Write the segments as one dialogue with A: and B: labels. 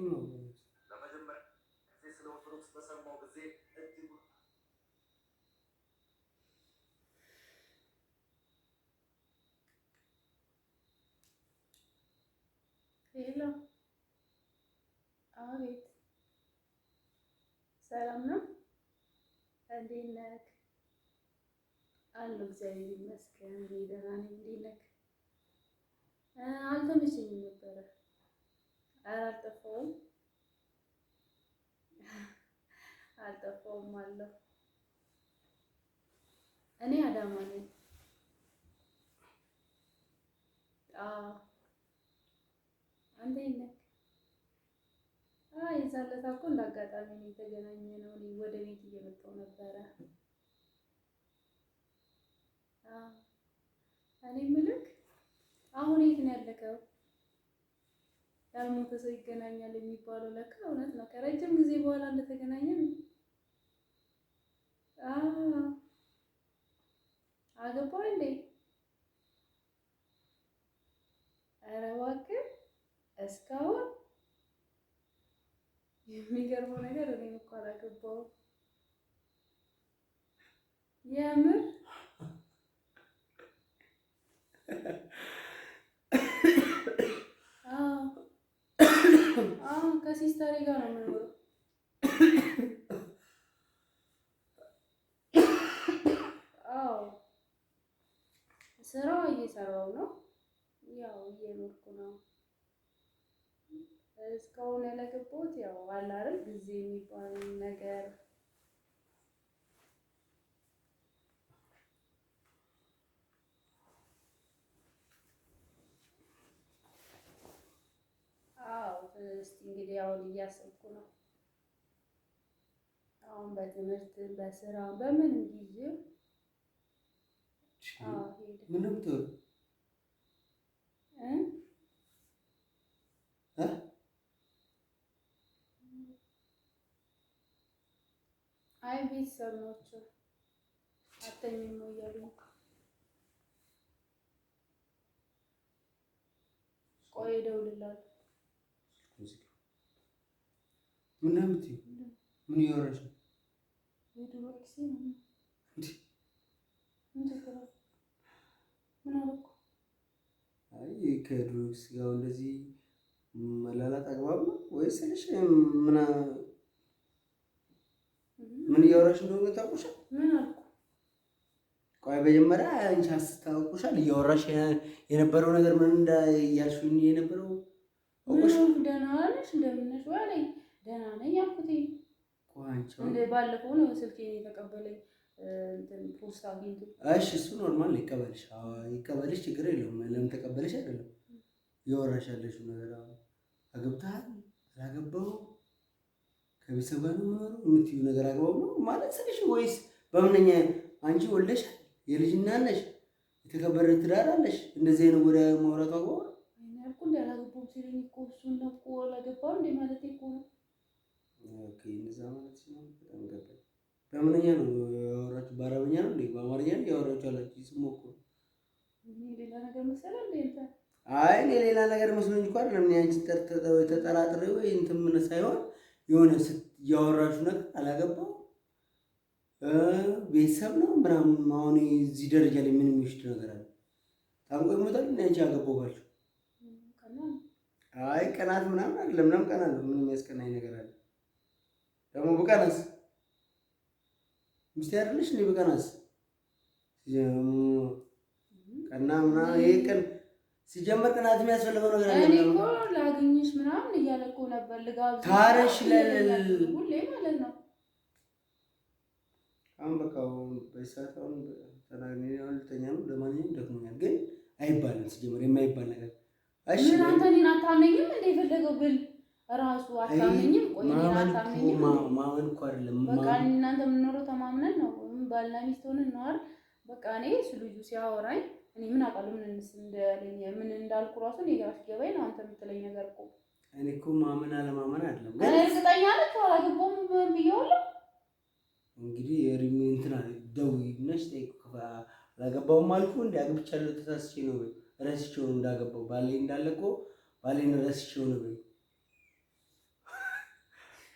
A: ለመጀመሪያ ጊዜ ስለ ኦርቶዶክስ በሰማው ጊዜ እጅጉ
B: ሄሎ፣ አቤት። ሰላም ነው? እንዴት ነህ? አለሁ፣ እግዚአብሔር ይመስገን። ደህና ነኝ። እንዴት ነህ? አልተመቸኝም ነበረ ኧረ አልጠፋሁም አልጠፋሁም አለሁ። እኔ አዳማ ነኝ። አንተ የት ነህ? እኮ እንደ አጋጣሚ ነው የተገናኘነው። እኔ ወደ ቤት እየመጣሁ ነበረ። እኔ የምልህ አሁን የት ነው ያለከው? ያልሞተ ሰው ይገናኛል የሚባለው ለካ እውነት ነው። ከረጅም ጊዜ በኋላ እንደተገናኘ ነው። አገባ እንዴ? ኧረ እባክህ እስካሁን የሚገርመው ነገር እኔ እኮ አላገባሁም። የምር ከሲስተሪ ጋር ነው የምኖረው። አዎ ስራ እየሰራው ነው፣ ያው እየኖርኩ ነው። እስካሁን ያለገባሁት ያው አለ ጊዜ የሚባል ነገር እስቲ እንግዲህ አሁን እያሰብኩ ነው። አሁን በትምህርት በስራ በምን ጊዜ ምንም ትሆን አይ ቤተሰብ ናቸው አተኝም እያሉ ቆይ እደውልላለሁ።
A: ምን የምትይው? ምን እያወራሽ ነው? ከድሮ ጊዜ ጋር እንደዚህ መላላት አግባብ ነው ወይስ ልሽ ምና ምን እያወራሽ እንደሆነ ታውቁሻል? ቆይ መጀመሪያ አንቺ አስታውቁሻል? እያወራሽ የነበረው ነገር ምን እንዳ የነበረው
B: ደህና ዋለሽ እንደምነሽ ዋለኝ ደህና ነኝ ያልኩትኝ እንደ ባለፈው ነው ስልኬን የተቀበለኝ። ፖስታ አግኝቶ
A: እሺ፣ እሱ ኖርማል ይቀበልሽ፣ ይቀበልሽ፣ ችግር የለውም። ለምን ተቀበልሽ አይደለም የወራሻለሽ ነገር አሁን አገብተሃል አላገባው ከቤተሰብ ጋር ነው የምኖረው የምትይው ነገር አግባብ ነው ማለት ስልሽ ወይስ በምንኛ አንቺ ወለሻል፣ የልጅና ነሽ፣ የተከበረ ትዳር አለሽ። እንደዚህ አይነት ወደ ማውራቱ አግባብ ነው።
B: እኔ አልኩ እንዳላገባው ሲለኝ እኮ እሱን ነው እኮ አላገባም እንደ ማለት እኮ ነው
A: እንደዛ ማለት ነው። በጣም ገባኝ። በምንኛ ነው ያወራችሁ? በአረብኛ ነው እንዴ? በአማርኛ ነው ያወራችሁ አላችሁ? ስሙ እኮ
B: አይ እኔ ሌላ ነገር መስሎኝ እኮ አይደለም። አንቺ ተጠራጥሬ ወይ እንትን ምን ሳይሆን የሆነ ያወራችሁ ነገር አላገባው ቤተሰብ ነው ምናምን። አሁን እዚህ ደረጃ ላይ ምን የሚወስድ ነገር አለ? ታንቆ ይሞታል። እኔ አንቺ አገባኋችሁ። አይ ቀናት ምናምን አይደለም። ምናምን ቀናት ምን የሚያስቀናኝ ነገር አለ ደግሞ ብቀነስ ሚስቴ አይደለሽ እንዴ? ብቀነስ ቀና ምናምን ይሄ ቀን ሲጀመር ቅናት የሚያስፈልገው ነገር አለ። እኔ እኮ ላግኝሽ ምናምን እያለ እኮ ነበር ልጋብዝ ታረሽ ሁሌ ማለት ነው። አሁን በቃ በሰዓት አሁን ተናግሬ ልተኛ ነው። ለማንኛውም ደግሞኛል፣ ግን አይባልም ሲጀመር የማይባል ነገር። እሺ ምን አንተ እኔን አታምነኝም እንደ የፈለገው ብል ራሱ አታምኝም። ቆይ አታምኝም። ማመን እኮ አይደለም በቃ እናንተ የምንኖረው ተማምነን ነው። ባልና ሚስት ሆነን ነው አይደል? በቃ እኔ እሱ ልጁ ሲያወራኝ እኔ ምን አውቃለሁ ምን እንዳልኩ ራሱ እኔ ጋር ሲገባኝ ነው አንተ የምትለኝ ነገር እኮ። እኔ እኮ ማመን አለማመን አይደለም ግን እርግጠኛ ነህ አላገባሁም ብዬዋለሁ። እንግዲህ የሪሚ እንትና ደውዪ ነሽ ጠይቅ አላገባሁም አልኩህ። እንደ አግብቻለሁ ተሳስቼ ነው ወይ ረስቼው እንዳገባሁ ባሌ እንዳለ እኮ ባሌን ረስቼው ነው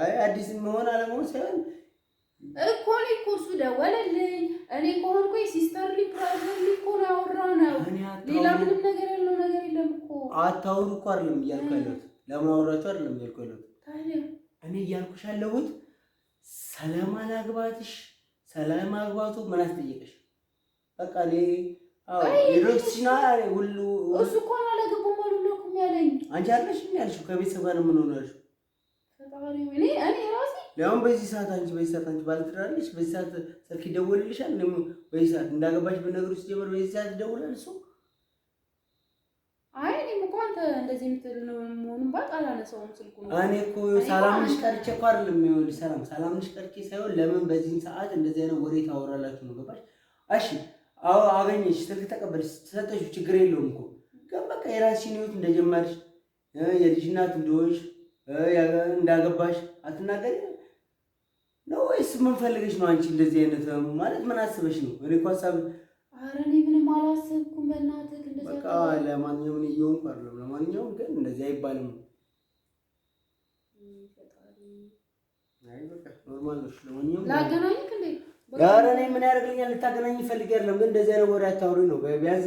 B: አይ አዲስ መሆን አለመሆን ሳይሆን እኮ እኔ እኮ እሱ ደወለልኝ። እኔ ከሆንኩ ሲስተር ሊፕራዘር እኮ ነው ያወራነው። ሌላ ምንም ነገር ያለው ነገር የለም እኮ። አታውሩ እኮ አይደለም እያልኩ ያለሁት ለማውራቱ አይደለም እያልኩ ያለሁት። እኔ እያልኩሽ ያለሁት ሰላም አላግባትሽ፣ ሰላም አግባቱ ምን አስጠየቀሽ? በቃ እኔ ሌሎችና ሁሉ እሱ እኮ አላገቡም አሉ ነው ያለኝ። አንቺ አለሽ ያልሽው ከቤተሰብ ጋር ነው ምን ሆናልሽ? አሁን በዚህ ሰዓት አንቺ በዚህ ሰዓት አንቺ ባልትራለች በዚህ ሰዓት ስልክ ይደወልልሻል። ደግሞ በዚህ ሰዓት እንዳገባሽ እንዳገባች ውስጥ ሲጀመር በዚህ ሰዓት ይደውላል እሱ። አይ እኔም እኮ አንተ እንደዚህ የምትል ነው መሆኑን ባውቅ አላነሳውም ስልኩ ነው። እኔ እኮ ሰላም ነሽ ቀርቼ እኮ አይደለም ይኸውልሽ፣ ሰላም ሰላም ነሽ ቀርቼ ሳይሆን ለምን በዚህን ሰዓት እንደዚህ አይነት ወሬ ታወራላችሁ ነው ገባሽ? እሺ አዎ አገኘሽ፣ ስልክ ተቀበልሽ፣ ተሰጠሽ፣ ችግር የለውም እኮ ግን በቃ የራስሽን ህይወት እንደጀመርሽ የልጅ እናት እንደሆንሽ እንዳገባሽ አትናገሪ ነው ወይስ ምን ፈልገሽ ነው አንቺ? እንደዚህ አይነት ማለት ምን አስበሽ ነው? እኔ እኮ ሀሳብ ኧረ እኔ ምንም አላሰብኩም። በእናትህ እንደዚህ በቃ ለማንኛውም እየሆንኩ አይደለም። ለማንኛውም ግን እንደዚህ አይባልም። አይ ኖርማል ነው። ለማንኛውም ምን ያደርግልኛል? ልታገናኝ ፈልጌ አይደለም፣ ግን እንደዚህ አይነት ወሬ አታውሪ ነው ቢያንስ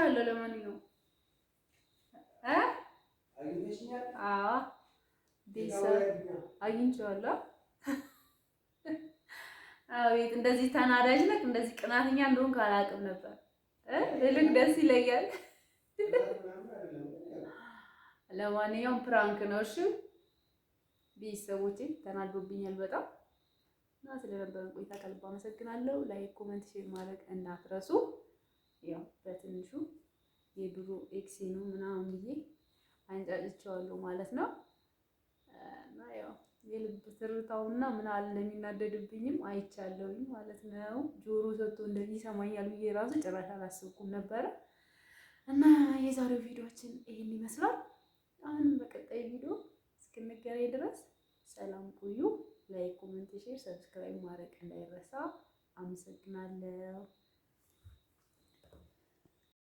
B: አግኝቻለሁ። ለማንኛውም እ አዎ ቤተሰብ አግኝቼዋለሁ። አቤት እንደዚህ ተናዳጅ ነህ፣ እንደዚህ ቅናተኛ እንደሆንክ አላውቅም ነበር። ልልክ ደስ ይለኛል። ለማንኛውም ፕራንክ ነው እሺ። ቤተሰቦቼ ተናዶብኛል በጣም እና ስለነበረን ቆይታ ከልብ አመሰግናለሁ። ላይክ፣ ኮመንት፣ ሼር ማድረግ እንዳትረሱ። ያው በትንሹ የድሮ ኤክሴ ነው ምናምን ብዬ አንጫጭቸዋለሁ ማለት ነው። እና ያው የልብ ትርታውና ምን አለ እንደሚናደድብኝም አይቻለሁኝ ማለት ነው። ጆሮ ሰጥቶ እንደዚህ ይሰማኛል ብዬ ራሱ ጭራሽ አላስብኩም ነበረ። እና የዛሬው ቪዲዮችን ይሄን ይመስላል። አሁንም በቀጣይ ቪዲዮ እስክንገናኝ ድረስ ሰላም ቆዩ። ላይክ፣ ኮሜንት፣ ሼር፣ ሰብስክራይብ ማድረግ እንዳይረሳ። አመሰግናለሁ።